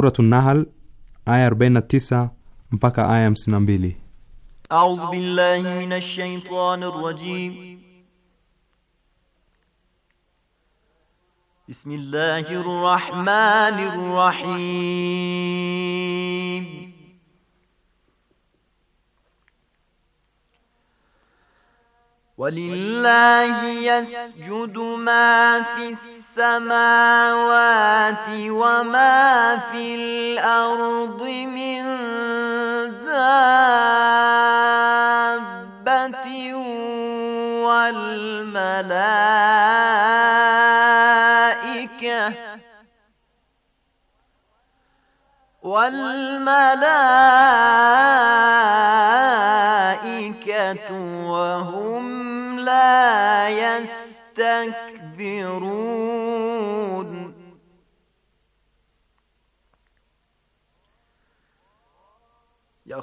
سورة النحل aya آية 49 mpaka aya آية 52 أعوذ بالله من الشيطان الرجيم بسم الله الرحمن الرحيم ولله يسجد ما في السماء السماوات وما في الأرض من دابة والملائكة والملائكة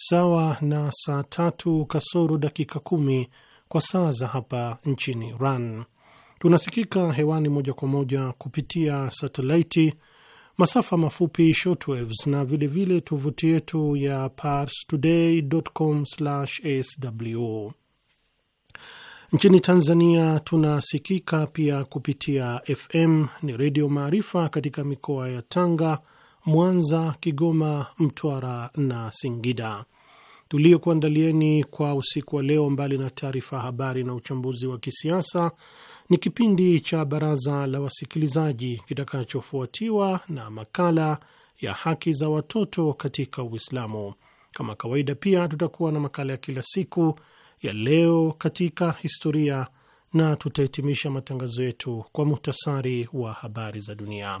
sawa na saa tatu kasoro dakika kumi kwa saa za hapa nchini Iran. Tunasikika hewani moja kwa moja kupitia satelaiti, masafa mafupi shortwaves, na vilevile tovuti yetu ya parstoday.com/sw. Nchini Tanzania tunasikika pia kupitia FM ni Redio Maarifa katika mikoa ya Tanga, Mwanza, Kigoma, Mtwara na Singida tuliokuandalieni kwa usiku wa leo. Mbali na taarifa habari na uchambuzi wa kisiasa, ni kipindi cha baraza la wasikilizaji kitakachofuatiwa na makala ya haki za watoto katika Uislamu. Kama kawaida, pia tutakuwa na makala ya kila siku ya leo katika historia na tutahitimisha matangazo yetu kwa muhtasari wa habari za dunia.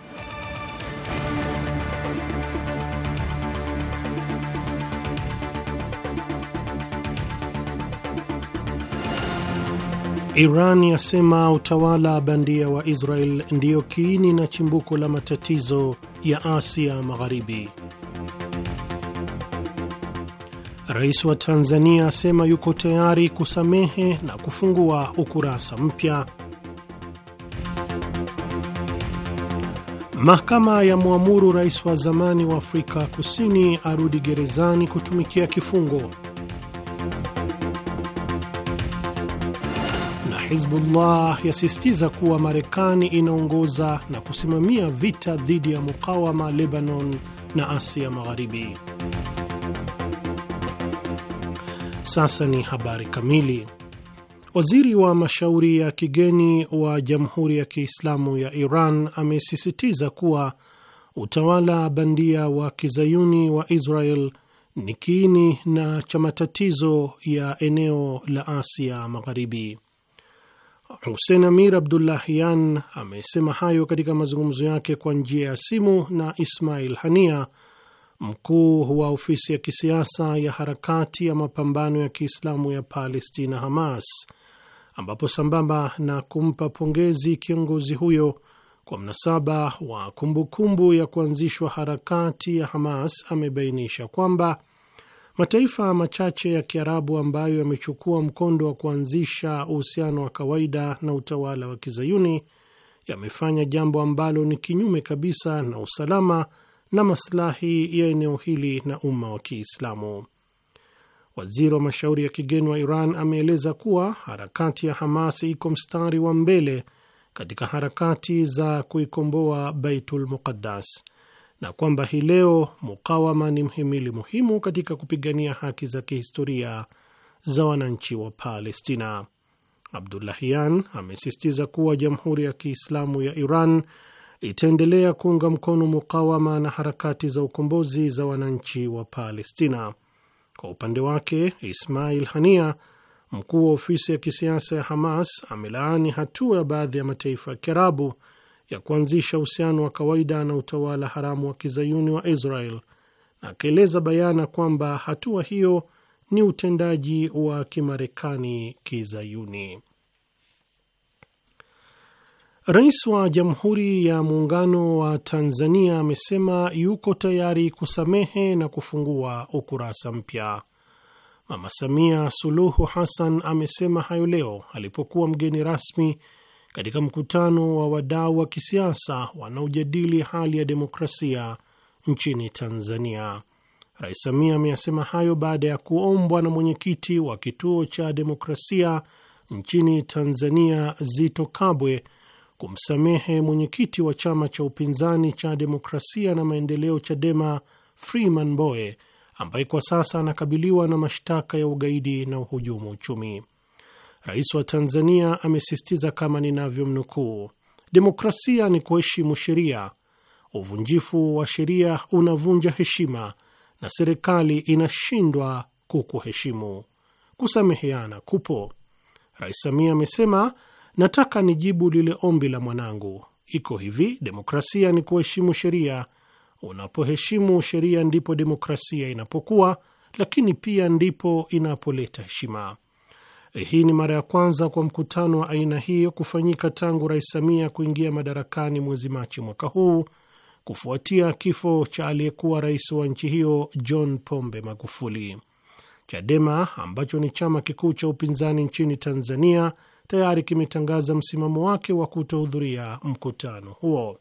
Iran yasema utawala bandia wa Israel ndiyo kiini na chimbuko la matatizo ya Asia Magharibi. Rais wa Tanzania asema yuko tayari kusamehe na kufungua ukurasa mpya. Mahakama ya mwamuru rais wa zamani wa Afrika Kusini arudi gerezani kutumikia kifungo. Hizbullah yasisitiza kuwa Marekani inaongoza na kusimamia vita dhidi ya mukawama Lebanon na Asia Magharibi. Sasa ni habari kamili. Waziri wa mashauri ya kigeni wa Jamhuri ya Kiislamu ya Iran amesisitiza kuwa utawala bandia wa kizayuni wa Israel ni kiini na cha matatizo ya eneo la Asia Magharibi. Hussein Amir Abdullahian amesema hayo katika mazungumzo yake kwa njia ya simu na Ismail Hania, mkuu wa ofisi ya kisiasa ya harakati ya mapambano ya Kiislamu ya Palestina, Hamas, ambapo sambamba na kumpa pongezi kiongozi huyo kwa mnasaba wa kumbukumbu ya kuanzishwa harakati ya Hamas, amebainisha kwamba Mataifa machache ya Kiarabu ambayo yamechukua mkondo wa kuanzisha uhusiano wa kawaida na utawala wa Kizayuni yamefanya jambo ambalo ni kinyume kabisa na usalama na maslahi ya eneo hili na umma wa Kiislamu. Waziri wa mashauri ya kigeni wa Iran ameeleza kuwa harakati ya Hamas iko mstari wa mbele katika harakati za kuikomboa Baitul Muqaddas na kwamba hii leo mukawama ni mhimili muhimu katika kupigania haki za kihistoria za wananchi wa Palestina. Abdullahian amesisitiza kuwa Jamhuri ya Kiislamu ya Iran itaendelea kuunga mkono mukawama na harakati za ukombozi za wananchi wa Palestina. Kwa upande wake, Ismail Hania, mkuu wa ofisi ya kisiasa ya Hamas, amelaani hatua ya baadhi ya mataifa ya Kiarabu ya kuanzisha uhusiano wa kawaida na utawala haramu wa kizayuni wa Israel, na akaeleza bayana kwamba hatua hiyo ni utendaji wa kimarekani kizayuni. Rais wa Jamhuri ya Muungano wa Tanzania amesema yuko tayari kusamehe na kufungua ukurasa mpya. Mama Samia Suluhu Hassan amesema hayo leo alipokuwa mgeni rasmi katika mkutano wa wadau wa kisiasa wanaojadili hali ya demokrasia nchini Tanzania. Rais Samia ameyasema hayo baada ya kuombwa na mwenyekiti wa kituo cha demokrasia nchini Tanzania Zito Kabwe kumsamehe mwenyekiti wa chama cha upinzani cha demokrasia na maendeleo Chadema Freeman Mbowe ambaye kwa sasa anakabiliwa na mashtaka ya ugaidi na uhujumu uchumi. Rais wa Tanzania amesisitiza kama ninavyomnukuu, demokrasia ni kuheshimu sheria. Uvunjifu wa sheria unavunja heshima na serikali inashindwa kukuheshimu. Kusameheana kupo. Rais Samia amesema, nataka nijibu lile ombi la mwanangu. Iko hivi, demokrasia ni kuheshimu sheria. Unapoheshimu sheria ndipo demokrasia inapokuwa, lakini pia ndipo inapoleta heshima. Hii ni mara ya kwanza kwa mkutano wa aina hiyo kufanyika tangu Rais Samia kuingia madarakani mwezi Machi mwaka huu kufuatia kifo cha aliyekuwa rais wa nchi hiyo John Pombe Magufuli. Chadema ambacho ni chama kikuu cha upinzani nchini Tanzania tayari kimetangaza msimamo wake wa kutohudhuria mkutano huo.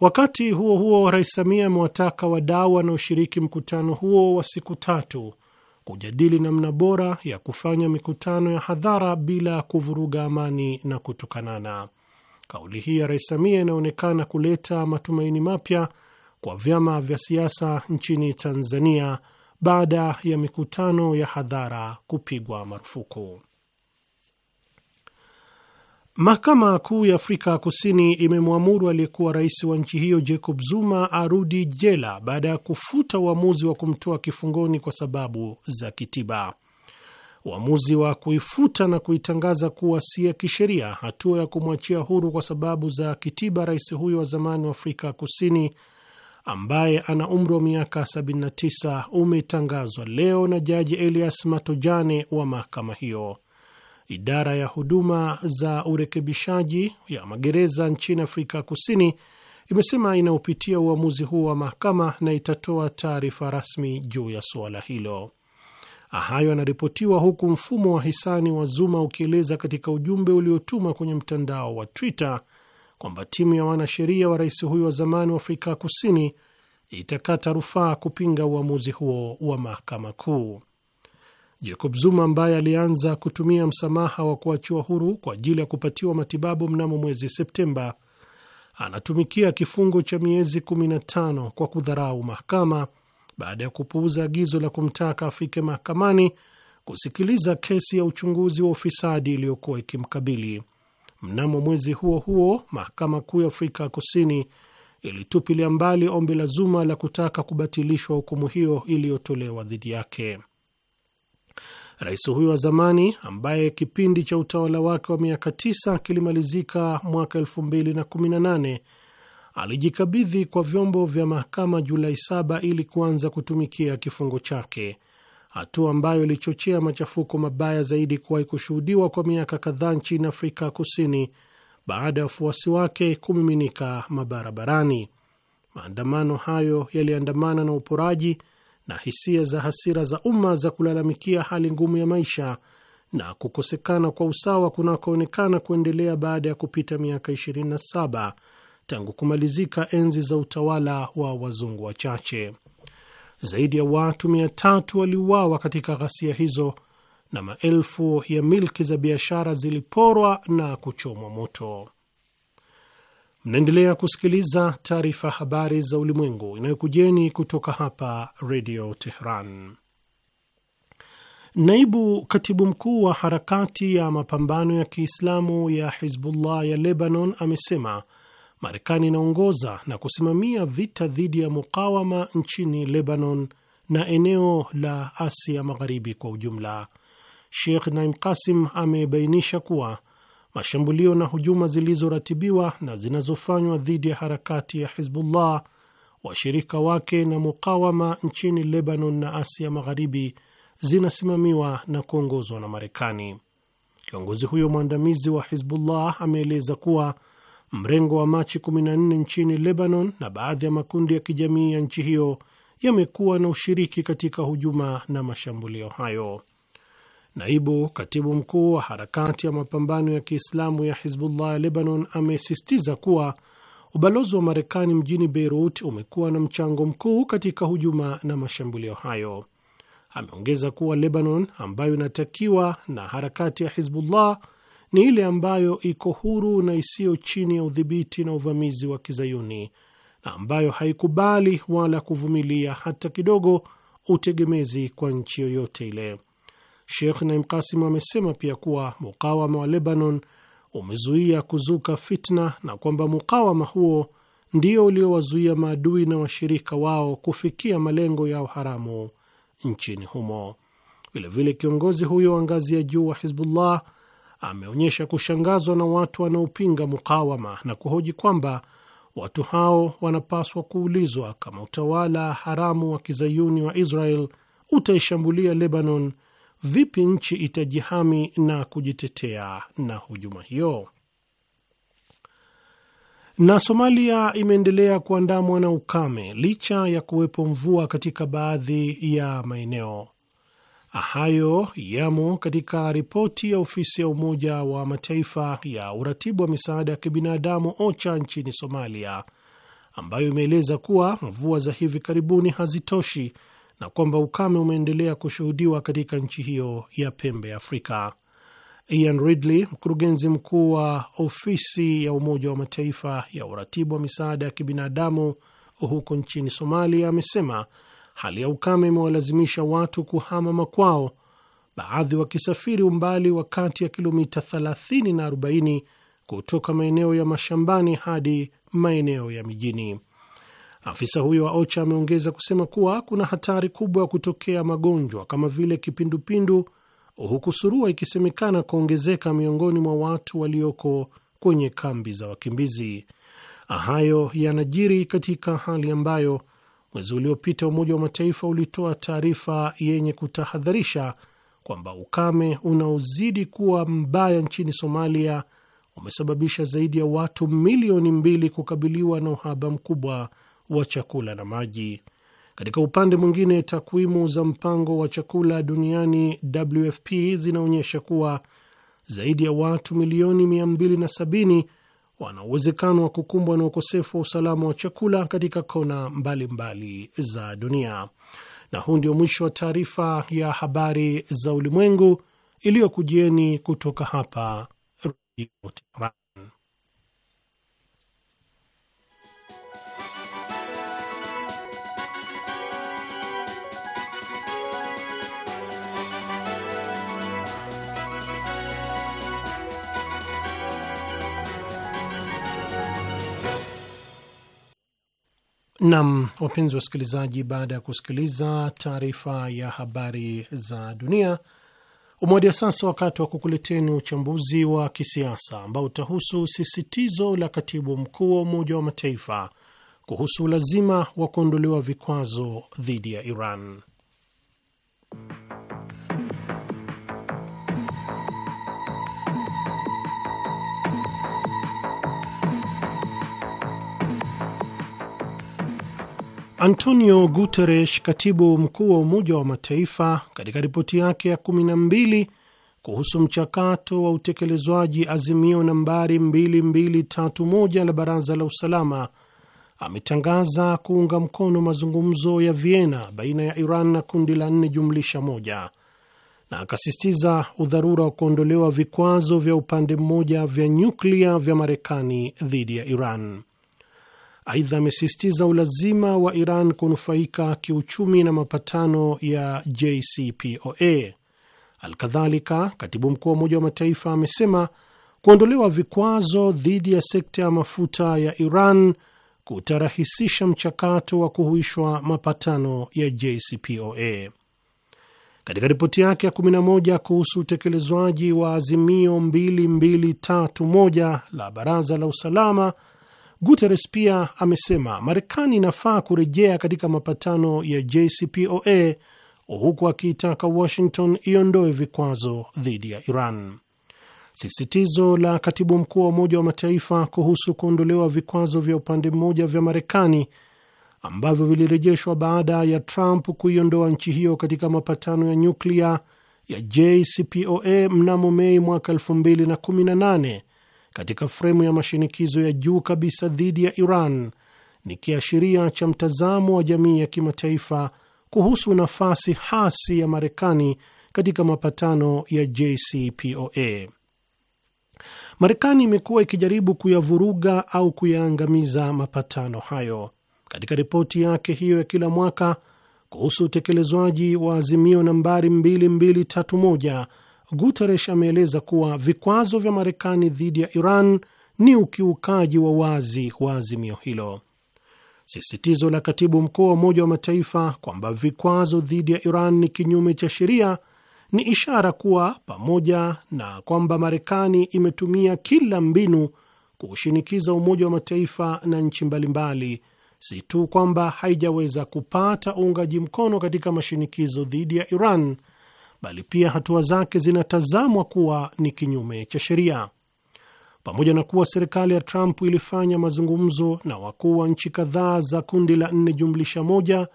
Wakati huo huo, Rais Samia amewataka wadau wanaoshiriki mkutano huo wa siku tatu kujadili namna bora ya kufanya mikutano ya hadhara bila kuvuruga amani na kutukanana. Kauli hii ya Rais Samia inaonekana kuleta matumaini mapya kwa vyama vya siasa nchini Tanzania baada ya mikutano ya hadhara kupigwa marufuku. Mahakama Kuu ya Afrika Kusini imemwamuru aliyekuwa rais wa nchi hiyo Jacob Zuma arudi jela baada ya kufuta uamuzi wa kumtoa kifungoni kwa sababu za kitiba. Uamuzi wa kuifuta na kuitangaza kuwa si ya kisheria hatua ya kumwachia huru kwa sababu za kitiba rais huyo wa zamani wa Afrika Kusini ambaye ana umri wa miaka 79 umetangazwa leo na Jaji Elias Matojane wa mahakama hiyo idara ya huduma za urekebishaji ya magereza nchini Afrika Kusini imesema inaopitia uamuzi huo wa mahakama na itatoa taarifa rasmi juu ya suala hilo. Hayo yanaripotiwa huku mfumo wa hisani wa Zuma ukieleza katika ujumbe uliotuma kwenye mtandao wa Twitter kwamba timu ya wanasheria wa rais huyo wa zamani wa Afrika Kusini itakata rufaa kupinga uamuzi huo wa mahakama kuu. Jacob Zuma ambaye alianza kutumia msamaha wa kuachiwa huru kwa ajili ya kupatiwa matibabu mnamo mwezi Septemba anatumikia kifungo cha miezi 15 kwa kudharau mahakama baada ya kupuuza agizo la kumtaka afike mahakamani kusikiliza kesi ya uchunguzi wa ufisadi iliyokuwa ikimkabili. Mnamo mwezi huo huo, mahakama kuu ya Afrika Kusini ilitupilia mbali ombi la Zuma la kutaka kubatilishwa hukumu hiyo iliyotolewa dhidi yake. Rais huyo wa zamani ambaye kipindi cha utawala wake wa miaka 9 kilimalizika mwaka nane alijikabidhi kwa vyombo vya mahakama Julai 7 ili kuanza kutumikia kifungo chake, hatua ambayo ilichochea machafuko mabaya zaidi kuwahi kushuhudiwa kwa miaka kadhaa nchini Afrika Kusini baada ya wafuasi wake kumiminika mabarabarani. Maandamano hayo yaliandamana na uporaji na hisia za hasira za umma za kulalamikia hali ngumu ya maisha na kukosekana kwa usawa kunakoonekana kuendelea baada ya kupita miaka 27 tangu kumalizika enzi za utawala wa wazungu wachache. Zaidi ya watu mia tatu waliuawa katika ghasia hizo na maelfu ya milki za biashara ziliporwa na kuchomwa moto. Mnaendelea kusikiliza taarifa habari za ulimwengu inayokujeni kutoka hapa Redio Teheran. Naibu katibu mkuu wa harakati ya mapambano ya Kiislamu ya Hizbullah ya Lebanon amesema Marekani inaongoza na kusimamia vita dhidi ya mukawama nchini Lebanon na eneo la Asia Magharibi kwa ujumla. Sheikh Naim Kasim amebainisha kuwa mashambulio na hujuma zilizoratibiwa na zinazofanywa dhidi ya harakati ya Hizbullah, washirika wake na mukawama nchini Lebanon na Asia Magharibi zinasimamiwa na kuongozwa na Marekani. Kiongozi huyo mwandamizi wa Hizbullah ameeleza kuwa mrengo wa Machi 14 nchini Lebanon na baadhi ya makundi ya kijamii ya nchi hiyo yamekuwa na ushiriki katika hujuma na mashambulio hayo. Naibu katibu mkuu wa harakati ya mapambano ya Kiislamu ya Hizbullah ya Lebanon amesisitiza kuwa ubalozi wa Marekani mjini Beirut umekuwa na mchango mkuu katika hujuma na mashambulio hayo. Ameongeza kuwa Lebanon ambayo inatakiwa na harakati ya Hizbullah ni ile ambayo iko huru na isiyo chini ya udhibiti na uvamizi wa kizayuni na ambayo haikubali wala kuvumilia hata kidogo utegemezi kwa nchi yoyote ile. Sheikh Naim Kasim amesema pia kuwa mukawama wa Lebanon umezuia kuzuka fitna na kwamba mukawama huo ndio uliowazuia maadui na washirika wao kufikia malengo yao haramu nchini humo. Vilevile, kiongozi huyo wa ngazi ya juu wa Hizbullah ameonyesha kushangazwa na watu wanaopinga mukawama na kuhoji kwamba watu hao wanapaswa kuulizwa kama utawala haramu wa kizayuni wa Israel utaishambulia Lebanon vipi nchi itajihami na kujitetea na hujuma hiyo. Na Somalia imeendelea kuandamwa na ukame licha ya kuwepo mvua katika baadhi ya maeneo. Hayo yamo katika ripoti ya ofisi ya Umoja wa Mataifa ya uratibu wa misaada ya kibinadamu OCHA nchini Somalia, ambayo imeeleza kuwa mvua za hivi karibuni hazitoshi na kwamba ukame umeendelea kushuhudiwa katika nchi hiyo ya pembe Afrika. Ian Ridley, mkurugenzi mkuu wa ofisi ya Umoja wa Mataifa ya uratibu wa misaada ya kibinadamu huko nchini Somalia, amesema hali ya ukame imewalazimisha watu kuhama makwao, baadhi wakisafiri umbali wa kati ya kilomita 30 na 40 kutoka maeneo ya mashambani hadi maeneo ya mijini. Afisa huyo wa OCHA ameongeza kusema kuwa kuna hatari kubwa ya kutokea magonjwa kama vile kipindupindu, huku surua ikisemekana kuongezeka miongoni mwa watu walioko kwenye kambi za wakimbizi. Hayo yanajiri katika hali ambayo mwezi uliopita Umoja wa Mataifa ulitoa taarifa yenye kutahadharisha kwamba ukame unaozidi kuwa mbaya nchini Somalia umesababisha zaidi ya watu milioni mbili kukabiliwa na uhaba mkubwa wa chakula na maji. Katika upande mwingine, takwimu za mpango wa chakula duniani WFP zinaonyesha kuwa zaidi ya watu milioni 270 wana uwezekano wa kukumbwa na ukosefu wa usalama wa chakula katika kona mbalimbali mbali za dunia. Na huu ndio mwisho wa taarifa ya habari za ulimwengu iliyokujieni kutoka hapa Radio Tehran. Nam, wapenzi wasikilizaji, baada ya kusikiliza taarifa ya habari za dunia, umewadia sasa wakati wa kukuleteni uchambuzi wa kisiasa ambao utahusu sisitizo la katibu mkuu wa Umoja wa Mataifa kuhusu ulazima wa kuondolewa vikwazo dhidi ya Iran. Antonio Guterres, katibu mkuu wa Umoja wa Mataifa, katika ripoti yake ya 12 kuhusu mchakato wa utekelezwaji azimio nambari 2231 la Baraza la Usalama ametangaza kuunga mkono mazungumzo ya Vienna baina ya Iran na kundi la nne jumlisha moja na akasisitiza udharura wa kuondolewa vikwazo vya upande mmoja vya nyuklia vya Marekani dhidi ya Iran. Aidha, amesisitiza ulazima wa Iran kunufaika kiuchumi na mapatano ya JCPOA. Alkadhalika, katibu mkuu wa Umoja wa Mataifa amesema kuondolewa vikwazo dhidi ya sekta ya mafuta ya Iran kutarahisisha mchakato wa kuhuishwa mapatano ya JCPOA. Katika ripoti yake ya 11 kuhusu utekelezwaji wa azimio 2231 la Baraza la Usalama Guterres pia amesema Marekani inafaa kurejea katika mapatano ya JCPOA huku akiitaka Washington iondoe vikwazo dhidi ya Iran. Sisitizo la katibu mkuu wa Umoja wa Mataifa kuhusu kuondolewa vikwazo vya upande mmoja vya Marekani ambavyo vilirejeshwa baada ya Trump kuiondoa nchi hiyo katika mapatano ya nyuklia ya JCPOA mnamo Mei mwaka 2018 katika fremu ya mashinikizo ya juu kabisa dhidi ya Iran ni kiashiria cha mtazamo wa jamii ya kimataifa kuhusu nafasi hasi ya Marekani katika mapatano ya JCPOA. Marekani imekuwa ikijaribu kuyavuruga au kuyaangamiza mapatano hayo. Katika ripoti yake hiyo ya kila mwaka kuhusu utekelezwaji wa azimio nambari 2231 Guterres ameeleza kuwa vikwazo vya Marekani dhidi ya Iran ni ukiukaji wa wazi wa azimio hilo. Sisitizo la katibu mkuu wa Umoja wa Mataifa kwamba vikwazo dhidi ya Iran ni kinyume cha sheria ni ishara kuwa pamoja na kwamba Marekani imetumia kila mbinu kuushinikiza Umoja wa Mataifa na nchi mbalimbali, si tu kwamba haijaweza kupata uungaji mkono katika mashinikizo dhidi ya Iran, bali pia hatua zake zinatazamwa kuwa ni kinyume cha sheria. Pamoja na kuwa serikali ya Trump ilifanya mazungumzo na wakuu wa nchi kadhaa za kundi la nne jumlisha moja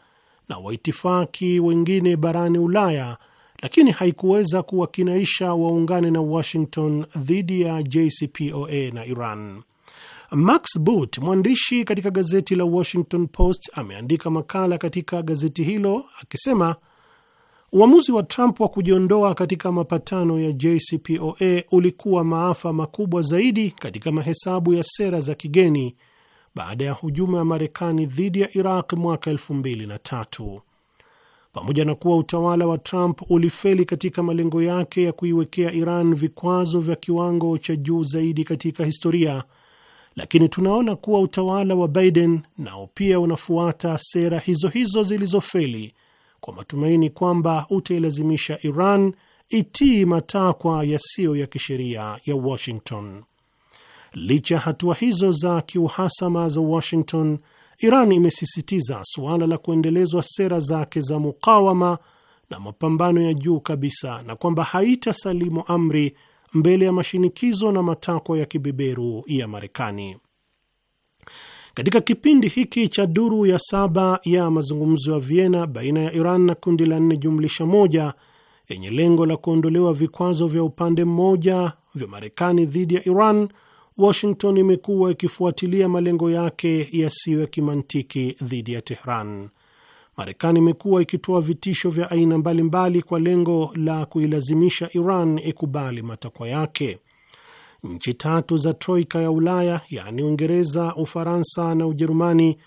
na waitifaki wengine barani Ulaya, lakini haikuweza kuwakinaisha waungane na Washington dhidi ya JCPOA na Iran. Max Boot, mwandishi katika gazeti la Washington Post, ameandika makala katika gazeti hilo akisema Uamuzi wa Trump wa kujiondoa katika mapatano ya JCPOA ulikuwa maafa makubwa zaidi katika mahesabu ya sera za kigeni baada ya hujuma ya Marekani dhidi ya Iraq mwaka 2003. Pamoja na kuwa utawala wa Trump ulifeli katika malengo yake ya kuiwekea Iran vikwazo vya kiwango cha juu zaidi katika historia, lakini tunaona kuwa utawala wa Biden nao pia unafuata sera hizo hizo zilizofeli kwa matumaini kwamba utailazimisha Iran itii matakwa yasiyo ya kisheria ya Washington. Licha ya hatua hizo za kiuhasama za Washington, Iran imesisitiza suala la kuendelezwa sera zake za mukawama na mapambano ya juu kabisa na kwamba haitasalimu amri mbele ya mashinikizo na matakwa ya kibeberu ya Marekani. Katika kipindi hiki cha duru ya saba ya mazungumzo ya Vienna baina ya Iran na kundi la nne jumlisha moja yenye lengo la kuondolewa vikwazo vya upande mmoja vya Marekani dhidi ya Iran, Washington imekuwa ikifuatilia malengo yake yasiyo ya kimantiki dhidi ya Tehran. Marekani imekuwa ikitoa vitisho vya aina mbalimbali kwa lengo la kuilazimisha Iran ikubali matakwa yake nchi tatu za troika ya Ulaya yaani Uingereza, Ufaransa na Ujerumani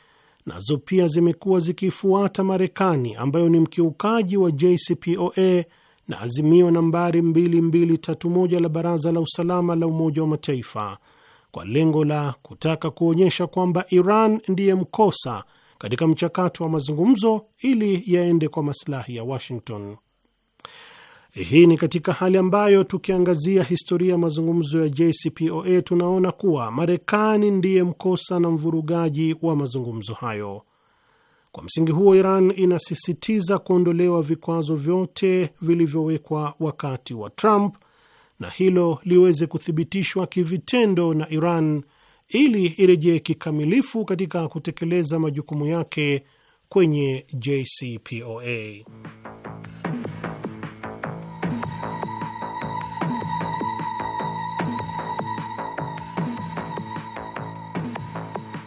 nazo pia zimekuwa zikifuata Marekani ambayo ni mkiukaji wa JCPOA na azimio nambari 2231 la Baraza la Usalama la Umoja wa Mataifa kwa lengo la kutaka kuonyesha kwamba Iran ndiye mkosa katika mchakato wa mazungumzo ili yaende kwa masilahi ya Washington. Hii ni katika hali ambayo tukiangazia historia ya mazungumzo ya JCPOA tunaona kuwa Marekani ndiye mkosa na mvurugaji wa mazungumzo hayo. Kwa msingi huo, Iran inasisitiza kuondolewa vikwazo vyote vilivyowekwa wakati wa Trump na hilo liweze kuthibitishwa kivitendo na Iran ili irejee kikamilifu katika kutekeleza majukumu yake kwenye JCPOA.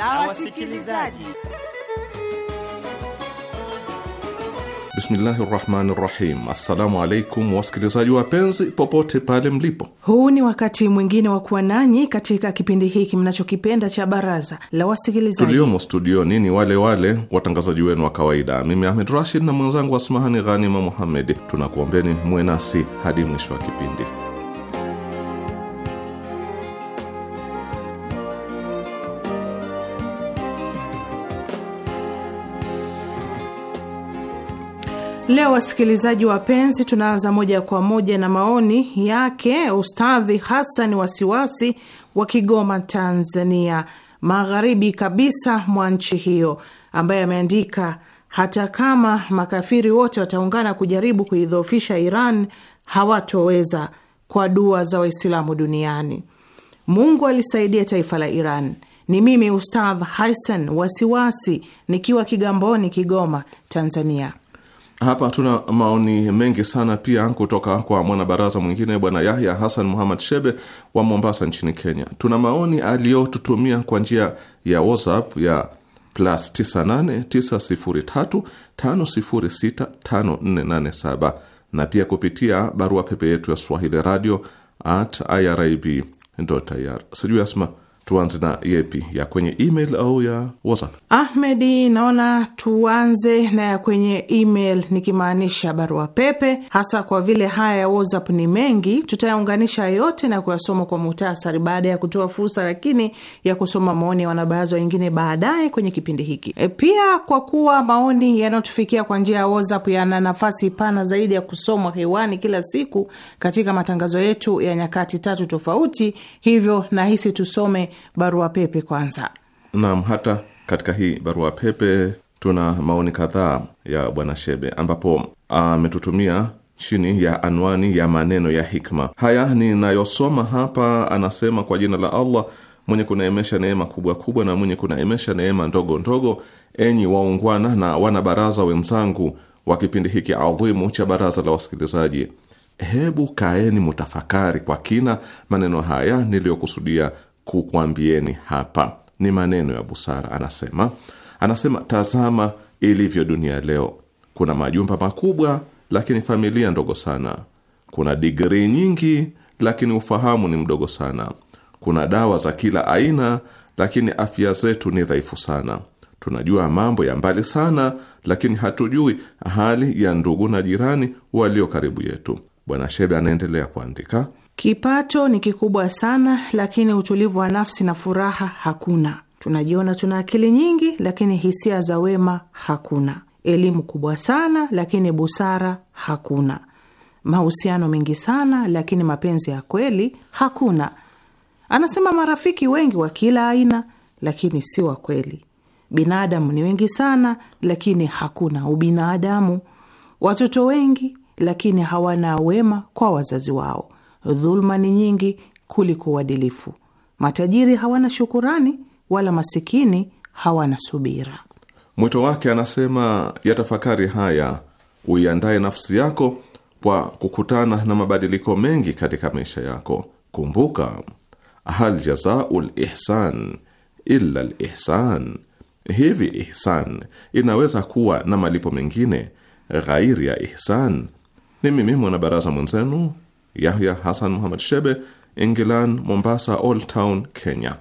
la wasikilizaji. Bismillahi rahmani rahim. Assalamu alaikum wasikilizaji wapenzi, popote pale mlipo, huu ni wakati mwingine wa kuwa nanyi katika kipindi hiki mnachokipenda cha baraza la wasikilizaji. Tuliomo studioni ni wale wale watangazaji wenu wa kawaida, mimi Ahmed Rashid na mwenzangu Asmahani Ghanima Muhammed. Tunakuombeni muwe nasi hadi mwisho wa kipindi. Leo wasikilizaji wapenzi, tunaanza moja kwa moja na maoni yake Ustadhi Hassan Wasiwasi wa Kigoma, Tanzania, magharibi kabisa mwa nchi hiyo, ambaye ameandika hata kama makafiri wote wataungana kujaribu kuidhoofisha Iran hawatoweza kwa dua za Waislamu duniani. Mungu alisaidia taifa la Iran. Ni mimi Ustadh Hassan Wasiwasi nikiwa Kigamboni, Kigoma, Tanzania. Hapa tuna maoni mengi sana pia kutoka kwa mwanabaraza mwingine Bwana Yahya Hassan Muhammad Shebe wa Mombasa nchini Kenya. Tuna maoni aliyotutumia kwa njia ya WhatsApp ya plus 989035065487 na pia kupitia barua pepe yetu ya swahili radio at irib.ir. Sijui Asma, tuanze na yepi ya kwenye email au ya WhatsApp? Ahmedi, naona tuanze na ya kwenye email, nikimaanisha barua pepe, hasa kwa vile haya ya WhatsApp ni mengi. Tutayaunganisha yote na kuyasoma kwa muhtasari baada ya kutoa fursa lakini ya kusoma maoni ya wanabaraza wengine baadaye kwenye kipindi hiki. E, pia kwa kuwa maoni yanayotufikia kwa njia ya WhatsApp yana nafasi pana zaidi ya kusomwa hewani kila siku katika matangazo yetu ya nyakati tatu tofauti, hivyo nahisi tusome barua pepe kwanza. Naam, hata katika hii barua pepe tuna maoni kadhaa ya Bwana Shebe ambapo ametutumia chini ya anwani ya maneno ya hikma. Haya ninayosoma hapa, anasema kwa jina la Allah mwenye kunaemesha neema kubwa kubwa na mwenye kunaemesha neema ndogo ndogo. Enyi waungwana na wanabaraza wenzangu wa kipindi hiki adhimu cha baraza la wasikilizaji, hebu kaeni mutafakari kwa kina maneno haya niliyokusudia kukwambieni hapa ni maneno ya busara. Anasema, anasema tazama ilivyo dunia leo. Kuna majumba makubwa lakini familia ndogo sana. Kuna digrii nyingi lakini ufahamu ni mdogo sana. Kuna dawa za kila aina lakini afya zetu ni dhaifu sana. Tunajua mambo ya mbali sana, lakini hatujui hali ya ndugu na jirani walio karibu yetu. Bwana Shebe anaendelea kuandika Kipato ni kikubwa sana, lakini utulivu wa nafsi na furaha hakuna. Tunajiona tuna akili nyingi, lakini hisia za wema hakuna. Elimu kubwa sana, lakini busara hakuna. Mahusiano mengi sana, lakini mapenzi ya kweli hakuna. Anasema marafiki wengi wa kila aina, lakini si wa kweli. Binadamu ni wengi sana, lakini hakuna ubinadamu. Watoto wengi, lakini hawana wema kwa wazazi wao dhuluma ni nyingi kuliko uadilifu. Matajiri hawana shukurani wala masikini hawana subira. Mwito wake anasema, yatafakari haya, uiandaye nafsi yako kwa kukutana na mabadiliko mengi katika maisha yako. Kumbuka, hal jazau lihsan illa lihsan, hivi ihsan inaweza kuwa na malipo mengine ghairi ya ihsan? Ni mimi mwanabaraza mwenzenu Yahya Hassan Muhammad Shebe, England, Mombasa, Old Town, Kenya.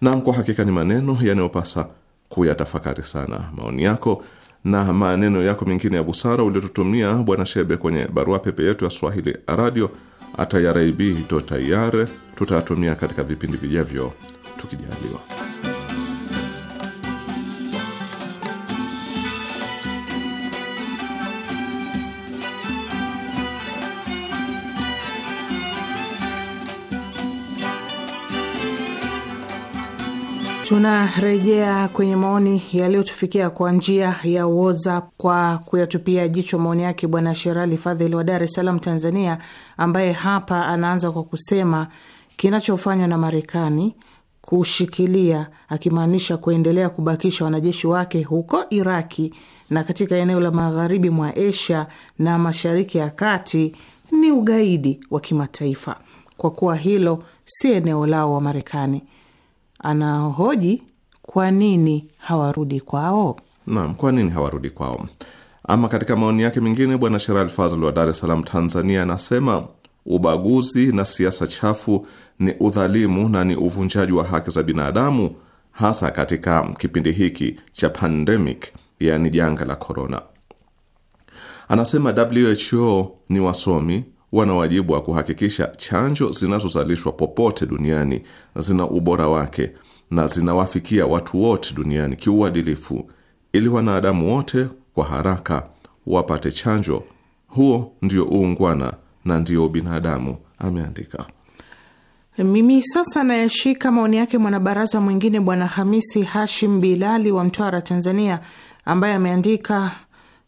Nam, kwa hakika ni maneno yanayopasa kuyatafakari sana. Maoni yako na maneno yako mengine ya busara uliotutumia Bwana Shebe kwenye barua pepe yetu ya Swahili radio irib.ir tutayatumia katika vipindi vijavyo tukijaliwa. Tunarejea kwenye maoni yaliyotufikia kwa njia ya WhatsApp kwa kuyatupia jicho maoni yake Bwana Sherali Fadhili wa Dar es Salaam, Tanzania, ambaye hapa anaanza kwa kusema kinachofanywa na Marekani kushikilia, akimaanisha kuendelea kubakisha wanajeshi wake huko Iraki na katika eneo la magharibi mwa Asia na mashariki ya kati ni ugaidi wa kimataifa, kwa kuwa hilo si eneo lao wa Marekani anahoji kwa nini hawarudi kwao. Naam, kwa nini hawarudi kwao? Ama katika maoni yake mengine, Bwana Sherali Fazl wa Dar es Salaam, Tanzania, anasema ubaguzi na siasa chafu ni udhalimu na ni uvunjaji wa haki za binadamu, hasa katika kipindi hiki cha pandemic, yaani janga la korona. Anasema WHO ni wasomi wana wajibu wa kuhakikisha chanjo zinazozalishwa popote duniani zina ubora wake na zinawafikia watu wote duniani kiuadilifu, ili wanadamu wote kwa haraka wapate chanjo. Huo ndio uungwana na ndio binadamu, ameandika. Mimi sasa nayashika maoni yake mwanabaraza mwingine Bwana Hamisi Hashim Bilali wa Mtwara, Tanzania, ambaye ameandika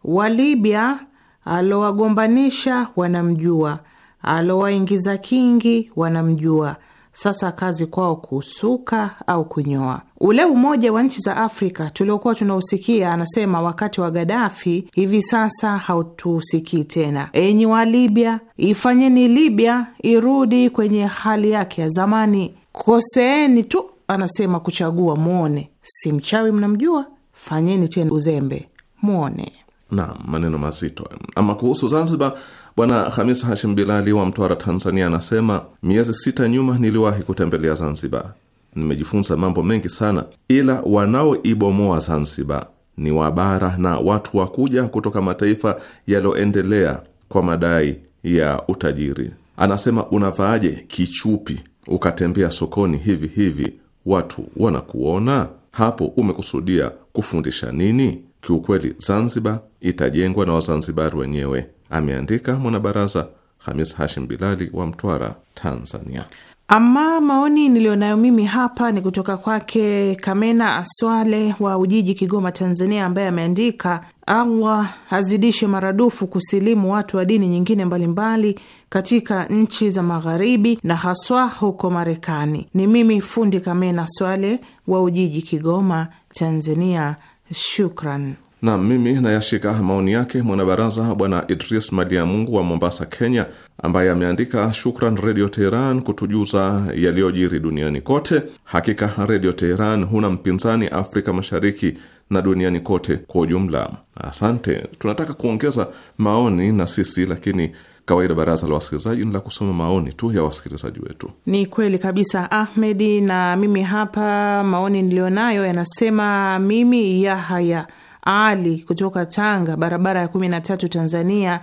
Walibya alowagombanisha wanamjua, alowaingiza kingi wanamjua. Sasa kazi kwao kusuka au kunyoa. Ule umoja wa nchi za Afrika tuliokuwa tunausikia, anasema wakati wa Gadafi, hivi sasa hautusikii tena. Enyi wa Libya, ifanyeni Libya irudi kwenye hali yake ya zamani. Koseeni tu, anasema kuchagua, mwone. Si mchawi mnamjua, fanyeni tena uzembe, mwone na maneno mazito. Ama kuhusu Zanzibar, Bwana Hamis Hashim Bilali wa Mtwara, Tanzania, anasema miezi sita nyuma niliwahi kutembelea Zanzibar, nimejifunza mambo mengi sana, ila wanaoibomoa Zanzibar ni wabara na watu wa kuja kutoka mataifa yaliyoendelea kwa madai ya utajiri. Anasema unavaaje kichupi ukatembea sokoni hivi hivi, watu wanakuona hapo, umekusudia kufundisha nini? Kiukweli Zanzibar itajengwa na Wazanzibari wenyewe, ameandika mwanabaraza Hamis Hashim Bilali wa Mtwara, Tanzania. Ama maoni niliyonayo mimi hapa ni kutoka kwake Kamena Aswale wa Ujiji, Kigoma, Tanzania, ambaye ameandika Allah azidishe maradufu kusilimu watu wa dini nyingine mbalimbali mbali katika nchi za magharibi na haswa huko Marekani. Ni mimi fundi Kamena Swale wa Ujiji, Kigoma, Tanzania Shukran. Na mimi nayashika maoni yake mwanabaraza Bwana Idris Maliamungu wa Mombasa, Kenya, ambaye ameandika shukran Redio Teheran kutujuza yaliyojiri duniani kote. Hakika Redio Teheran huna mpinzani Afrika Mashariki na duniani kote kwa ujumla. Asante. Tunataka kuongeza maoni na sisi lakini Kawaida baraza la wasikilizaji ni la kusoma maoni tu ya wasikilizaji wetu. Ni kweli kabisa, Ahmedi. Na mimi hapa maoni niliyonayo yanasema, mimi Yahaya Ali kutoka Tanga, barabara ya kumi na tatu, Tanzania,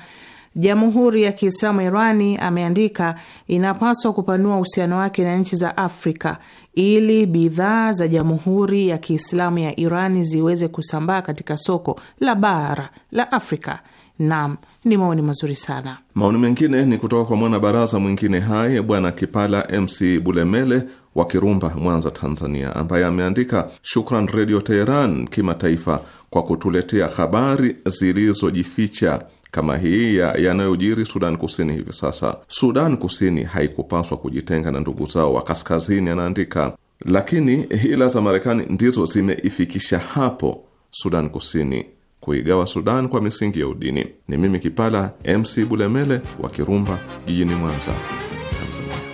Jamhuri ya Kiislamu Irani ameandika inapaswa kupanua uhusiano wake na nchi za Afrika ili bidhaa za Jamhuri ya Kiislamu ya Irani ziweze kusambaa katika soko la bara la Afrika. Naam, ni maoni mazuri sana. Maoni mengine ni kutoka kwa mwanabaraza mwingine hai Bwana Kipala MC Bulemele wa Kirumba, Mwanza, Tanzania, ambaye ameandika shukran Redio Teheran kimataifa kwa kutuletea habari zilizojificha kama hii ya yanayojiri Sudan Kusini hivi sasa. Sudan Kusini haikupaswa kujitenga na ndugu zao wa kaskazini, anaandika, lakini hila za Marekani ndizo zimeifikisha hapo Sudan Kusini kuigawa Sudan kwa misingi ya udini. Ni mimi Kipala MC Bulemele wa Kirumba jijini Mwanza, Tanzania.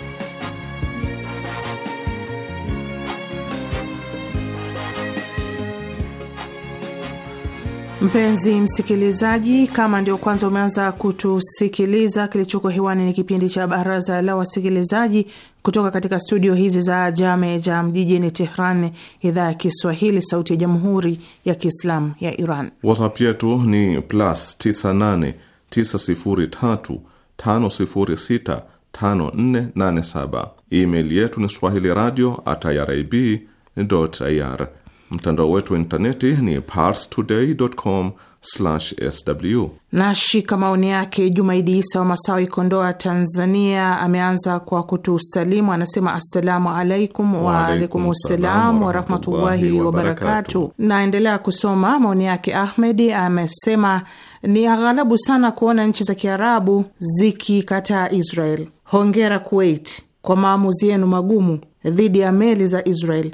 Mpenzi msikilizaji, kama ndio kwanza umeanza kutusikiliza, kilichoko hewani ni kipindi cha Baraza la Wasikilizaji kutoka katika studio hizi za Jame Jam jijini Tehran, idhaa ya Kiswahili, sauti ya Jamhuri ya Kiislamu ya Iran. WhatsApp yetu ni plus 989035065487. Email yetu ni swahili radio at irib Mtandao wetu wa intaneti ni parstoday.com/sw. Nashika maoni yake Jumaidi Isa wa Masawi, Kondoa, Tanzania. Ameanza kwa kutusalimu, anasema assalamu alaikum. Waalaikumsalam warahmatullahi wabarakatu. Naendelea kusoma maoni yake Ahmedi, amesema ni aghalabu sana kuona nchi za Kiarabu zikikataa Israel. Hongera Kuwait kwa maamuzi yenu magumu dhidi ya meli za Israel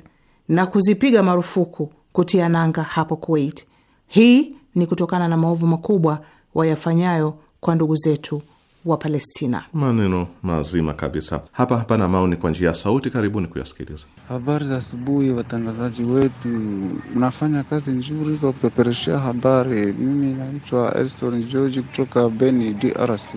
na kuzipiga marufuku kutia nanga hapo Kuwait. Hii ni kutokana na maovu makubwa wayafanyayo kwa ndugu zetu wa Palestina. Maneno mazima kabisa. Hapa na maoni kwa njia ya sauti, karibuni kuyasikiliza. Habari za asubuhi, watangazaji wetu, mnafanya kazi nzuri kwa kupepereshea habari. Mimi naitwa Elson George kutoka Beni, DRC.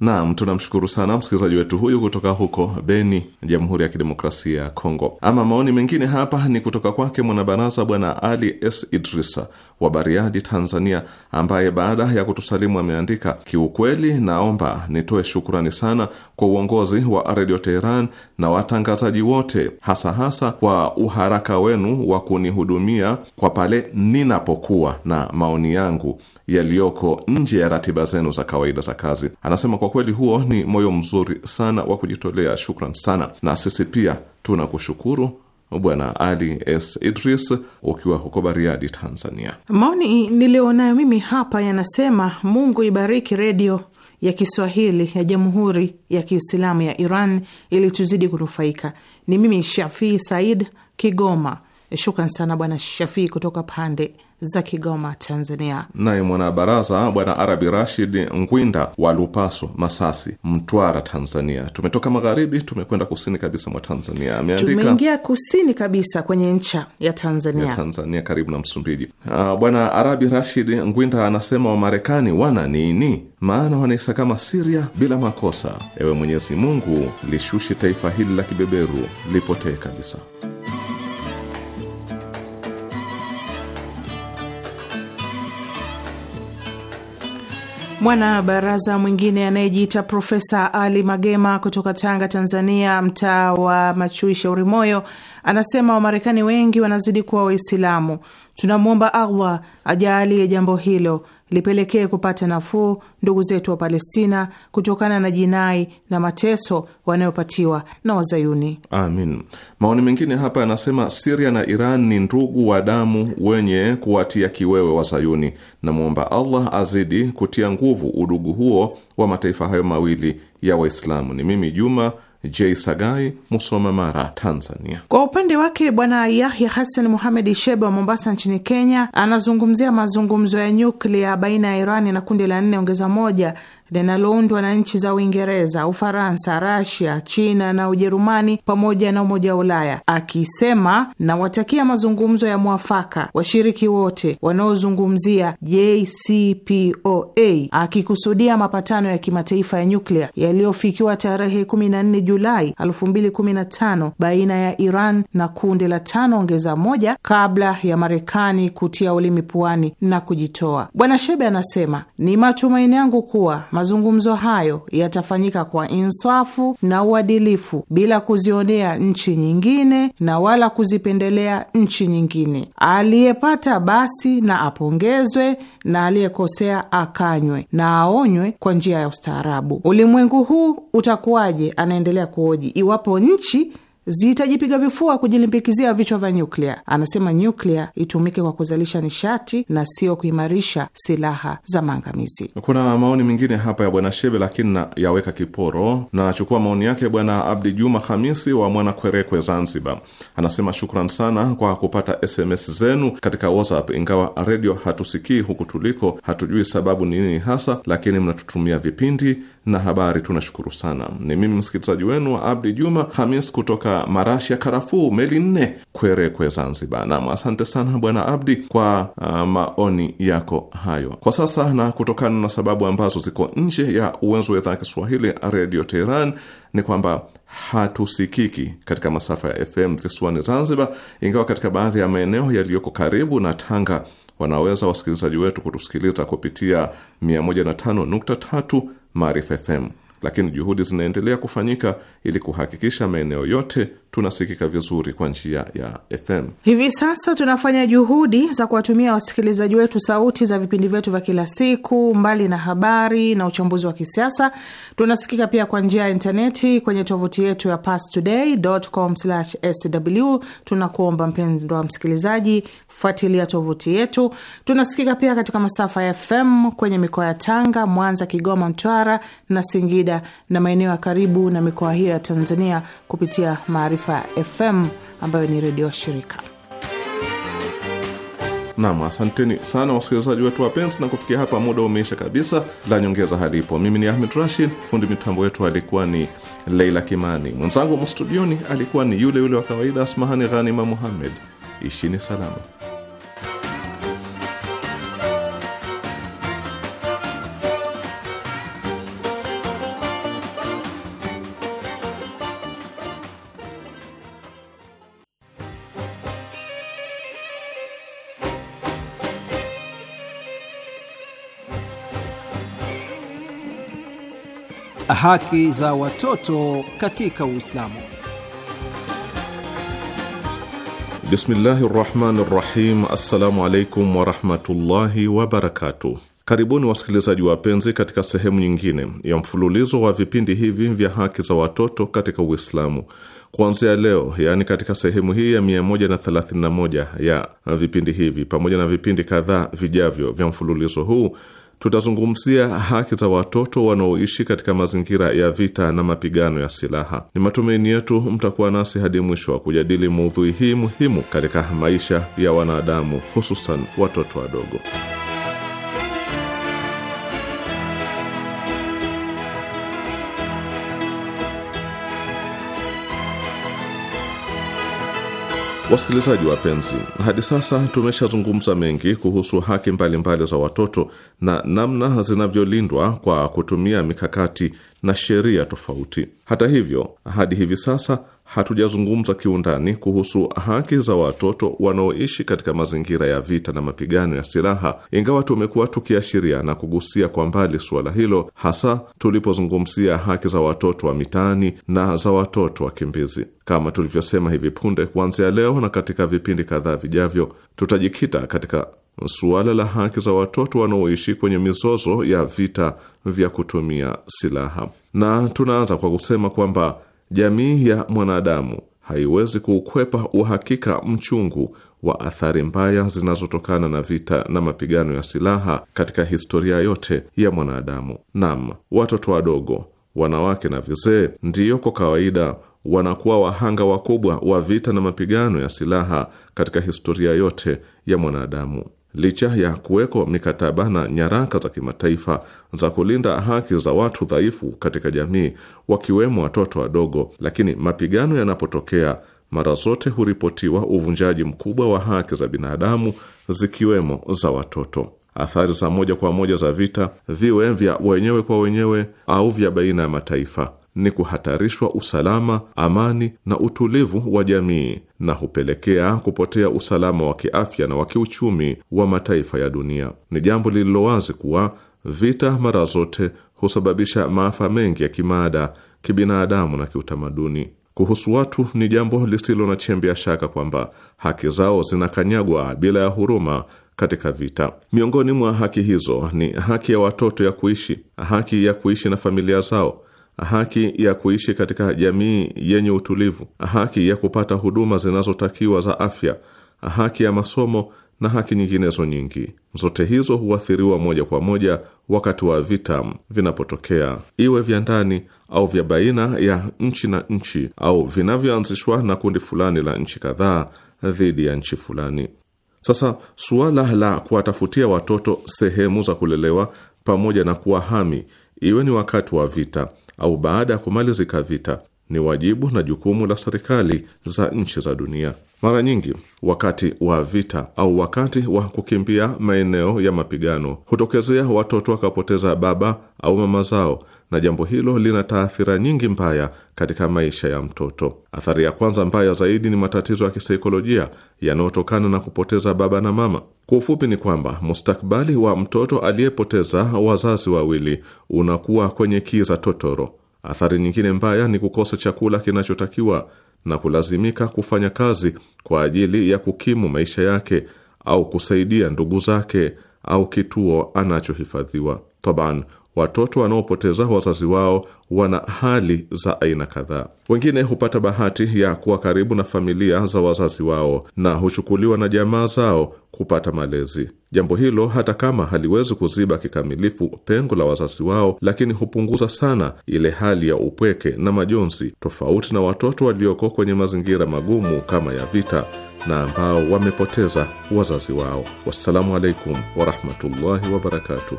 Naam, tunamshukuru sana msikilizaji wetu huyu kutoka huko Beni, Jamhuri ya Kidemokrasia ya Kongo. Ama maoni mengine hapa ni kutoka kwake mwanabaraza Bwana Ali S Idrisa wa Bariadi, Tanzania, ambaye baada ya kutusalimu ameandika, kiukweli naomba nitoe shukrani sana kwa uongozi wa Redio Teheran na watangazaji wote, hasa hasa kwa uharaka wenu wa kunihudumia kwa pale ninapokuwa na maoni yangu yaliyoko nje ya ratiba zenu za kawaida za kazi. Anasema kwa kweli huo ni moyo mzuri sana wa kujitolea. Shukran sana, na sisi pia tunakushukuru Bwana Ali S Idris ukiwa huko Bariadi, Tanzania. Maoni niliyonayo mimi hapa yanasema Mungu ibariki redio ya Kiswahili ya Jamhuri ya Kiislamu ya Iran ili tuzidi kunufaika. Ni mimi Shafii Said Kigoma. Shukran sana Bwana Shafii kutoka pande za Kigoma, Tanzania. Naye mwanabaraza Bwana Arabi Rashid Ngwinda wa Lupaso, Masasi, Mtwara, Tanzania. Tumetoka magharibi, tumekwenda kusini kabisa mwa Tanzania. Ameandika tumeingia kusini kabisa kwenye ncha ya Tanzania, ya Tanzania karibu na Msumbiji. Ah, Bwana Arabi Rashid Ngwinda anasema Wamarekani wana nini? Maana wanaisa kama Siria bila makosa. Ewe Mwenyezi Mungu, lishushe taifa hili la kibeberu lipotee kabisa. Mwanabaraza mwingine anayejiita Profesa Ali Magema kutoka Tanga, Tanzania, mtaa wa Machui, Shauri Moyo, anasema Wamarekani wengi wanazidi kuwa Waislamu. Tunamwomba Allah ajaalie jambo hilo lipelekee kupata nafuu ndugu zetu wa Palestina kutokana na jinai na mateso wanayopatiwa na Wazayuni. Amin. Maoni mengine hapa yanasema Siria na Iran ni ndugu wa damu wenye kuwatia kiwewe Wazayuni. Namwomba Allah azidi kutia nguvu udugu huo wa mataifa hayo mawili ya Waislamu. Ni mimi Juma J Sagai, Musoma, Mara, Tanzania. Kwa upande wake Bwana Yahya Hassan Muhamedi Shebe wa Mombasa nchini Kenya anazungumzia mazungumzo ya nyuklia baina ya Irani na kundi la nne ongeza moja linaloundwa na nchi za Uingereza, Ufaransa, Rasia, China na Ujerumani pamoja na Umoja wa Ulaya, akisema nawatakia mazungumzo ya mwafaka washiriki wote wanaozungumzia JCPOA, akikusudia mapatano ya kimataifa ya nyuklia yaliyofikiwa tarehe 14 Julai 2015 baina ya Iran na kundi la tano ongeza moja kabla ya Marekani kutia ulimi puani na kujitoa. Bwana Shebe anasema ni matumaini yangu kuwa Mazungumzo hayo yatafanyika kwa insafu na uadilifu bila kuzionea nchi nyingine na wala kuzipendelea nchi nyingine. Aliyepata basi na apongezwe, na aliyekosea akanywe na aonywe kwa njia ya ustaarabu. Ulimwengu huu utakuwaje, anaendelea kuhoji, iwapo nchi zitajipiga vifua kujilimbikizia vichwa vya nyuklia. Anasema nyuklia itumike kwa kuzalisha nishati na sio kuimarisha silaha za maangamizi. Kuna maoni mengine hapa ya Bwana Shebe, lakini na yaweka kiporo. Nachukua maoni yake Bwana Abdi Juma Hamisi wa Mwanakwerekwe, Zanzibar. Anasema shukran sana kwa kupata SMS zenu katika WhatsApp, ingawa redio hatusikii huku tuliko, hatujui sababu ni nini hasa, lakini mnatutumia vipindi na habari. Tunashukuru sana. Ni mimi msikilizaji wenu Abdi Juma Hamis kutoka marashi ya karafuu meli nne Kwerekwe Zanzibar. Nam, asante sana Bwana Abdi kwa uh, maoni yako hayo. Kwa sasa na kutokana na sababu ambazo ziko nje ya uwezo wa idhaa ya Kiswahili Redio Teheran ni kwamba hatusikiki katika masafa ya FM visiwani Zanzibar, ingawa katika baadhi ya maeneo yaliyoko karibu na Tanga wanaweza wasikilizaji wetu kutusikiliza kupitia 105.3 Maarifa FM lakini juhudi zinaendelea kufanyika ili kuhakikisha maeneo yote tunasikika vizuri kwa njia ya FM. Hivi sasa tunafanya juhudi za kuwatumia wasikilizaji wetu sauti za vipindi vyetu vya kila siku. Mbali na habari na uchambuzi wa kisiasa, tunasikika pia kwa njia ya intaneti kwenye tovuti yetu ya pastoday.com/sw. Tunakuomba mpendwa msikilizaji, fuatilia tovuti yetu. Tunasikika pia katika masafa ya FM kwenye mikoa ya Tanga, Mwanza, Kigoma, Mtwara na Singida na maeneo ya karibu na mikoa hiyo ya Tanzania kupitia Maarifa Maarifa FM ambayo ni redio shirika. Nam, asanteni sana wasikilizaji wetu wapenzi, na kufikia hapa muda umeisha kabisa, la nyongeza halipo. Mimi ni Ahmed Rashid, fundi mitambo wetu alikuwa ni Leila Kimani, mwenzangu mstudioni alikuwa ni yule yule wa kawaida Asmahani Ghanima Muhammed. Ishini salama. haki za watoto katika Uislamu. Bismillahi rahmani rahim. Assalamu alaikum warahmatullahi wabarakatu. Karibuni wasikilizaji wapenzi, katika sehemu nyingine ya mfululizo wa vipindi hivi vya haki za watoto katika Uislamu. Kuanzia leo, yaani katika sehemu hii ya 131 ya vipindi hivi pamoja na vipindi kadhaa vijavyo vya mfululizo huu tutazungumzia haki za watoto wanaoishi katika mazingira ya vita na mapigano ya silaha. Ni matumaini yetu mtakuwa nasi hadi mwisho wa kujadili maudhui hii muhimu katika maisha ya wanadamu, hususan watoto wadogo. Wasikilizaji wapenzi, hadi sasa tumeshazungumza mengi kuhusu haki mbalimbali mbali za watoto na namna zinavyolindwa kwa kutumia mikakati na sheria tofauti. Hata hivyo, hadi hivi sasa hatujazungumza kiundani kuhusu haki za watoto wanaoishi katika mazingira ya vita na mapigano ya silaha, ingawa tumekuwa tukiashiria na kugusia kwa mbali suala hilo, hasa tulipozungumzia haki za watoto wa mitaani na za watoto wakimbizi. Kama tulivyosema hivi punde, kuanzia leo na katika vipindi kadhaa vijavyo, tutajikita katika suala la haki za watoto wanaoishi kwenye mizozo ya vita vya kutumia silaha, na tunaanza kwa kusema kwamba jamii ya mwanadamu haiwezi kuukwepa uhakika mchungu wa athari mbaya zinazotokana na vita na mapigano ya silaha katika historia yote ya mwanadamu. Nam, watoto wadogo, wanawake na vizee ndiyo kwa kawaida wanakuwa wahanga wakubwa wa vita na mapigano ya silaha katika historia yote ya mwanadamu licha ya kuweko mikataba na nyaraka za kimataifa za kulinda haki za watu dhaifu katika jamii, wakiwemo watoto wadogo, lakini mapigano yanapotokea mara zote huripotiwa uvunjaji mkubwa wa haki za binadamu zikiwemo za watoto. Athari za moja kwa moja za vita, viwe vya wenyewe kwa wenyewe au vya baina ya mataifa, ni kuhatarishwa usalama, amani na utulivu wa jamii na hupelekea kupotea usalama wa kiafya na wa kiuchumi wa mataifa ya dunia. Ni jambo lililo wazi kuwa vita mara zote husababisha maafa mengi ya kimaada, kibinadamu na kiutamaduni. Kuhusu watu, ni jambo lisilo na chembe ya shaka kwamba haki zao zinakanyagwa bila ya huruma katika vita. Miongoni mwa haki hizo ni haki ya watoto ya kuishi, haki ya kuishi na familia zao, haki ya kuishi katika jamii yenye utulivu, haki ya kupata huduma zinazotakiwa za afya, haki ya masomo na haki nyinginezo nyingi. Zote hizo huathiriwa moja kwa moja wakati wa vita vinapotokea, iwe vya ndani au vya baina ya nchi na nchi, au vinavyoanzishwa na kundi fulani la nchi kadhaa dhidi ya nchi fulani. Sasa suala la kuwatafutia watoto sehemu za kulelewa pamoja na kuwahami, iwe ni wakati wa vita au baada ya kumalizika vita ni wajibu na jukumu la serikali za nchi za dunia. Mara nyingi wakati wa vita au wakati wa kukimbia maeneo ya mapigano hutokezea watoto wakapoteza baba au mama zao, na jambo hilo lina taathira nyingi mbaya katika maisha ya mtoto. Athari ya kwanza mbaya zaidi ni matatizo ya kisaikolojia yanayotokana na kupoteza baba na mama. Kwa ufupi, ni kwamba mustakbali wa mtoto aliyepoteza wazazi wawili unakuwa kwenye kiza totoro. Athari nyingine mbaya ni kukosa chakula kinachotakiwa na kulazimika kufanya kazi kwa ajili ya kukimu maisha yake au kusaidia ndugu zake au kituo anachohifadhiwa. Taban, watoto wanaopoteza wazazi wao wana hali za aina kadhaa. Wengine hupata bahati ya kuwa karibu na familia za wazazi wao na huchukuliwa na jamaa zao kupata malezi. Jambo hilo hata kama haliwezi kuziba kikamilifu pengo la wazazi wao, lakini hupunguza sana ile hali ya upweke na majonzi, tofauti na watoto walioko kwenye mazingira magumu kama ya vita na ambao wamepoteza wazazi wao. Wassalamu alaikum warahmatullahi wabarakatuh.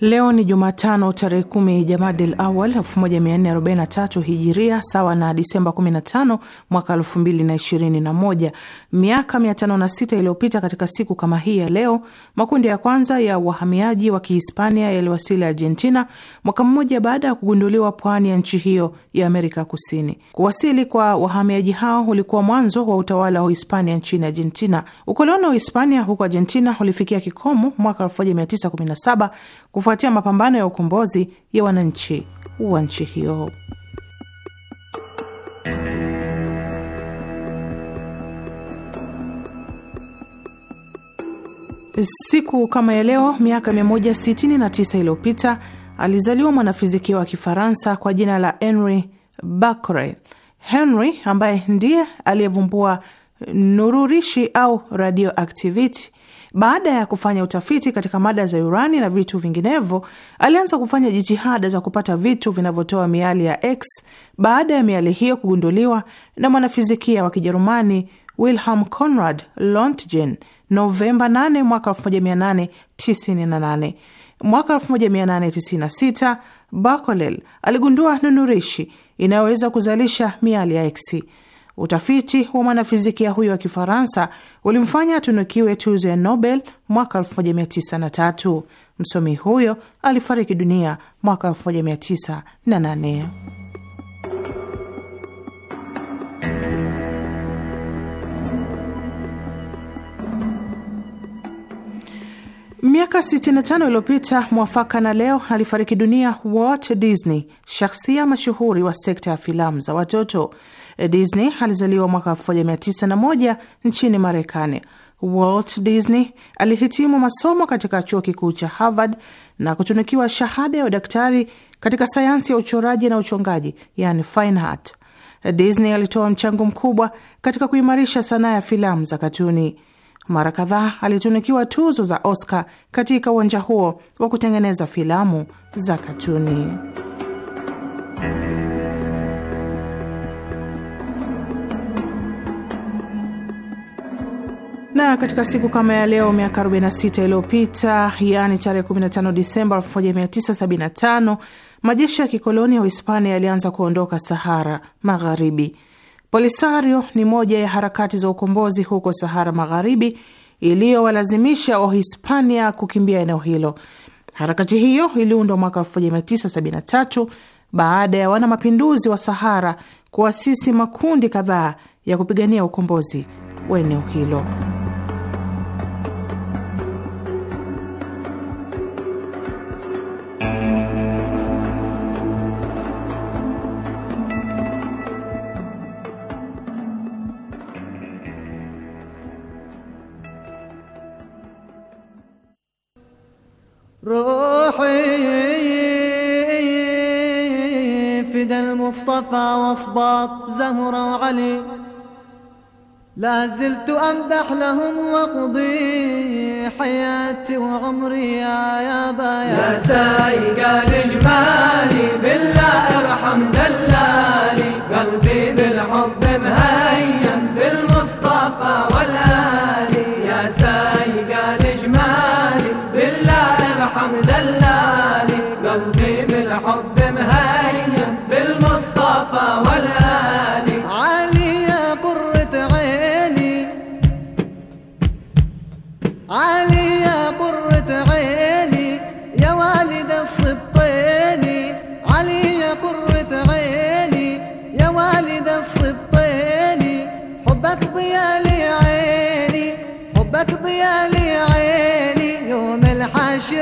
Leo ni Jumatano tarehe kumi Jamadil Awal 1443 Hijiria, sawa na Disemba 15 mwaka 2021. Miaka 506 iliyopita katika siku kama hii ya leo, makundi ya kwanza ya wahamiaji wa Kihispania yaliwasili Argentina, mwaka mmoja baada ya kugunduliwa pwani ya nchi hiyo ya Amerika Kusini. Kuwasili kwa wahamiaji hao ulikuwa mwanzo wa utawala wa Uhispania nchini Argentina. Ukoloni wa hispania huko Argentina ulifikia kikomo mwaka 1917 kufuatia mapambano ya ukombozi ya wananchi wa nchi hiyo. Siku kama ya leo miaka 169 iliyopita alizaliwa mwanafizikia wa Kifaransa kwa jina la Henry Becquerel. Henry ambaye ndiye aliyevumbua nururishi au radioactivity baada ya kufanya utafiti katika mada za urani na vitu vinginevyo, alianza kufanya jitihada za kupata vitu vinavyotoa miali ya X baada ya miali hiyo kugunduliwa na mwanafizikia wa Kijerumani Wilhelm Conrad Lontgen Novemba 8 mwaka 1898. Mwaka 1896 Bacolel aligundua nunurishi inayoweza kuzalisha miali ya eksi. Utafiti wa mwanafizikia huyo wa Kifaransa ulimfanya atunukiwe tuzo ya Nobel mwaka 1903. Msomi huyo alifariki dunia mwaka 1908. Miaka 65 iliyopita mwafaka na leo alifariki dunia Walt Disney, shakhsia mashuhuri wa sekta ya filamu za watoto. Eh, Disney alizaliwa mwaka 1901 nchini Marekani. Walt Disney alihitimu masomo katika chuo kikuu cha Harvard na kutunukiwa shahada ya udaktari katika sayansi ya uchoraji na uchongaji, yani fine art. Eh, Disney alitoa mchango mkubwa katika kuimarisha sanaa ya filamu za katuni. Mara kadhaa alitunukiwa tuzo za Oscar katika uwanja huo wa kutengeneza filamu za katuni. Na katika siku kama ya leo miaka 46 iliyopita, yaani tarehe 15 Disemba 1975, majeshi ya kikoloni ya Uhispania yalianza kuondoka Sahara Magharibi. Polisario ni moja ya harakati za ukombozi huko Sahara Magharibi iliyowalazimisha Wahispania kukimbia eneo hilo. Harakati hiyo iliundwa mwaka 1973 baada ya wanamapinduzi wa Sahara kuasisi makundi kadhaa ya kupigania ukombozi وإنه هيلو فدا المصطفى واصباط زهرة وعلي لا زلت أمدح لهم وأقضي حياتي وعمري يا يابا يا, يا سايق الإجمالي بالله ارحم دلالي قلبي بالحب مهيم بالمصطفى والأهل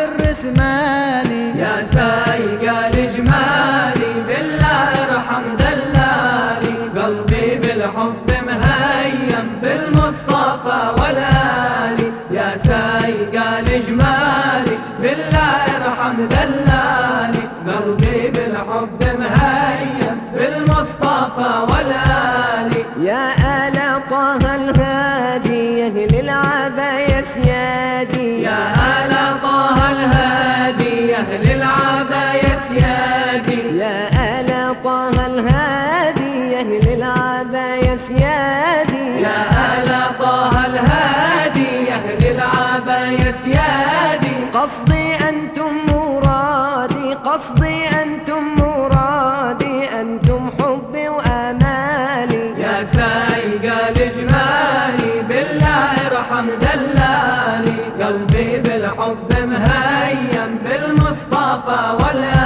الرسماني يا سايق الإجمالي بالله ارحم دلالي قلبي بالحب مهيم بالمصطفى والآلي يا سايق الإجمالي بالله ارحم دلالي قلبي بالحب مهيم بالمصطفى والآلي الحب مهيم بالمصطفى والأهل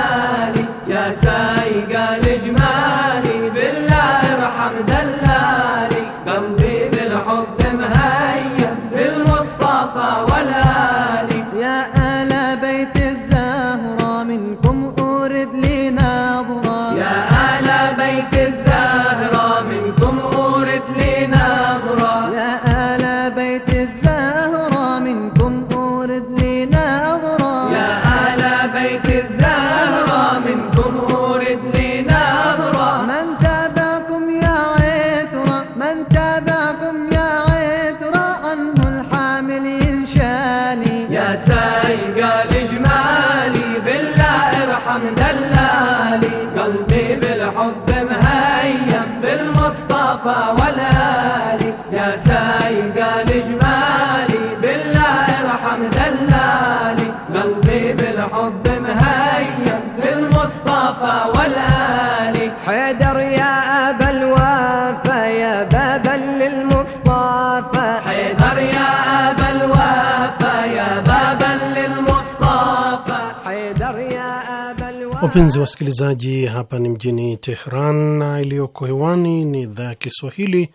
Wapenzi wasikilizaji, hapa ni mjini Tehran na iliyoko hewani ni idhaa ya Kiswahili,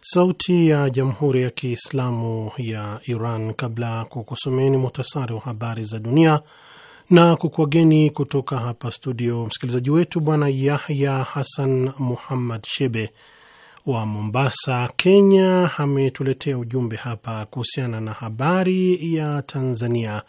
Sauti ya Jamhuri ya Kiislamu ya Iran. Kabla ya kukusomeni muhtasari wa habari za dunia na kukuageni kutoka hapa studio, msikilizaji wetu Bwana Yahya Hassan Muhammad Shebe wa Mombasa, Kenya, ametuletea ujumbe hapa kuhusiana na habari ya Tanzania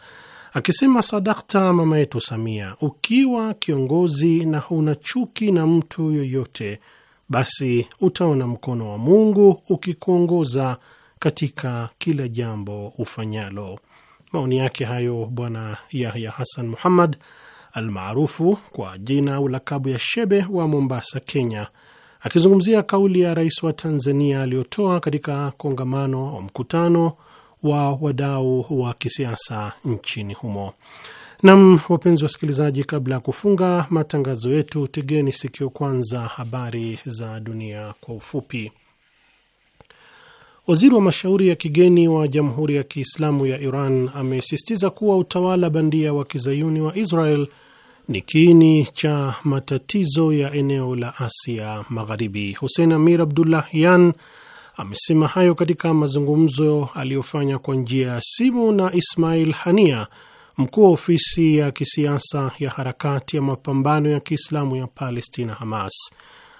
akisema sadakta, mama yetu Samia, ukiwa kiongozi na huna chuki na mtu yoyote, basi utaona mkono wa Mungu ukikuongoza katika kila jambo ufanyalo. Maoni yake hayo Bwana Yahya Hassan Muhammad almaarufu kwa jina au lakabu ya Shebe wa Mombasa, Kenya, akizungumzia kauli ya rais wa Tanzania aliyotoa katika kongamano au mkutano wa wadau wa kisiasa nchini humo. Nam, wapenzi wasikilizaji, kabla ya kufunga matangazo yetu, tegeni sikio kwanza habari za dunia kwa ufupi. Waziri wa mashauri ya kigeni wa Jamhuri ya Kiislamu ya Iran amesisitiza kuwa utawala bandia wa kizayuni wa Israel ni kiini cha matatizo ya eneo la Asia Magharibi. Hussein Amir Yan Amesema hayo katika mazungumzo aliyofanya kwa njia ya simu na Ismail Hania, mkuu wa ofisi ya kisiasa ya harakati ya mapambano ya Kiislamu ya Palestina, Hamas,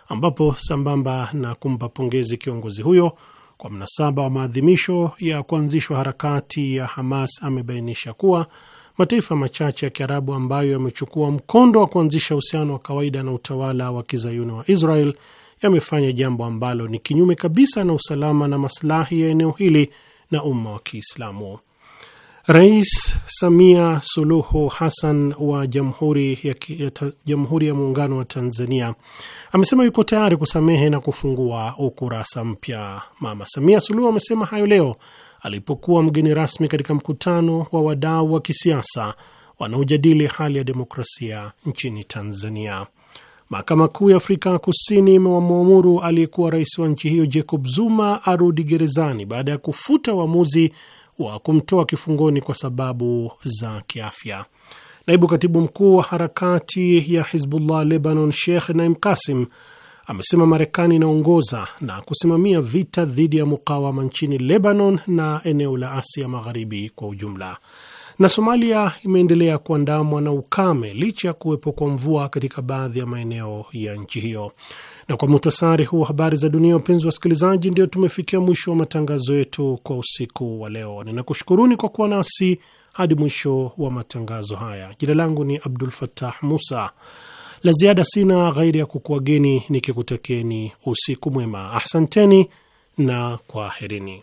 ambapo sambamba na kumpa pongezi kiongozi huyo kwa mnasaba wa maadhimisho ya kuanzishwa harakati ya Hamas, amebainisha kuwa mataifa machache ya Kiarabu ambayo yamechukua mkondo wa kuanzisha uhusiano wa kawaida na utawala wa kizayuni wa Israel yamefanya jambo ambalo ni kinyume kabisa na usalama na maslahi ya eneo hili na umma wa Kiislamu. Rais Samia Suluhu Hassan wa Jamhuri ya, ya, Jamhuri ya Muungano wa Tanzania amesema yuko tayari kusamehe na kufungua ukurasa mpya. Mama Samia Suluhu amesema hayo leo alipokuwa mgeni rasmi katika mkutano wa wadau wa kisiasa wanaojadili hali ya demokrasia nchini Tanzania. Mahakama Kuu ya Afrika Kusini imewamwamuru aliyekuwa rais wa nchi hiyo Jacob Zuma arudi gerezani baada ya kufuta uamuzi wa kumtoa kifungoni kwa sababu za kiafya. Naibu katibu mkuu wa harakati ya Hizbullah Lebanon, Sheikh Naim Kasim amesema Marekani inaongoza na kusimamia vita dhidi ya mukawama nchini Lebanon na eneo la Asia Magharibi kwa ujumla. Na Somalia imeendelea kuandamwa na ukame licha ya kuwepo kwa mvua katika baadhi ya maeneo ya nchi hiyo. Na kwa muhtasari huu habari za dunia, upenzi wa wasikilizaji, ndio tumefikia mwisho wa matangazo yetu kwa usiku wa leo. Ninakushukuruni kwa kuwa nasi hadi mwisho wa matangazo haya. Jina langu ni Abdul fatah Musa. La ziada sina ghairi ya kukuageni nikikutakeni usiku mwema. Ahsanteni na kwaherini.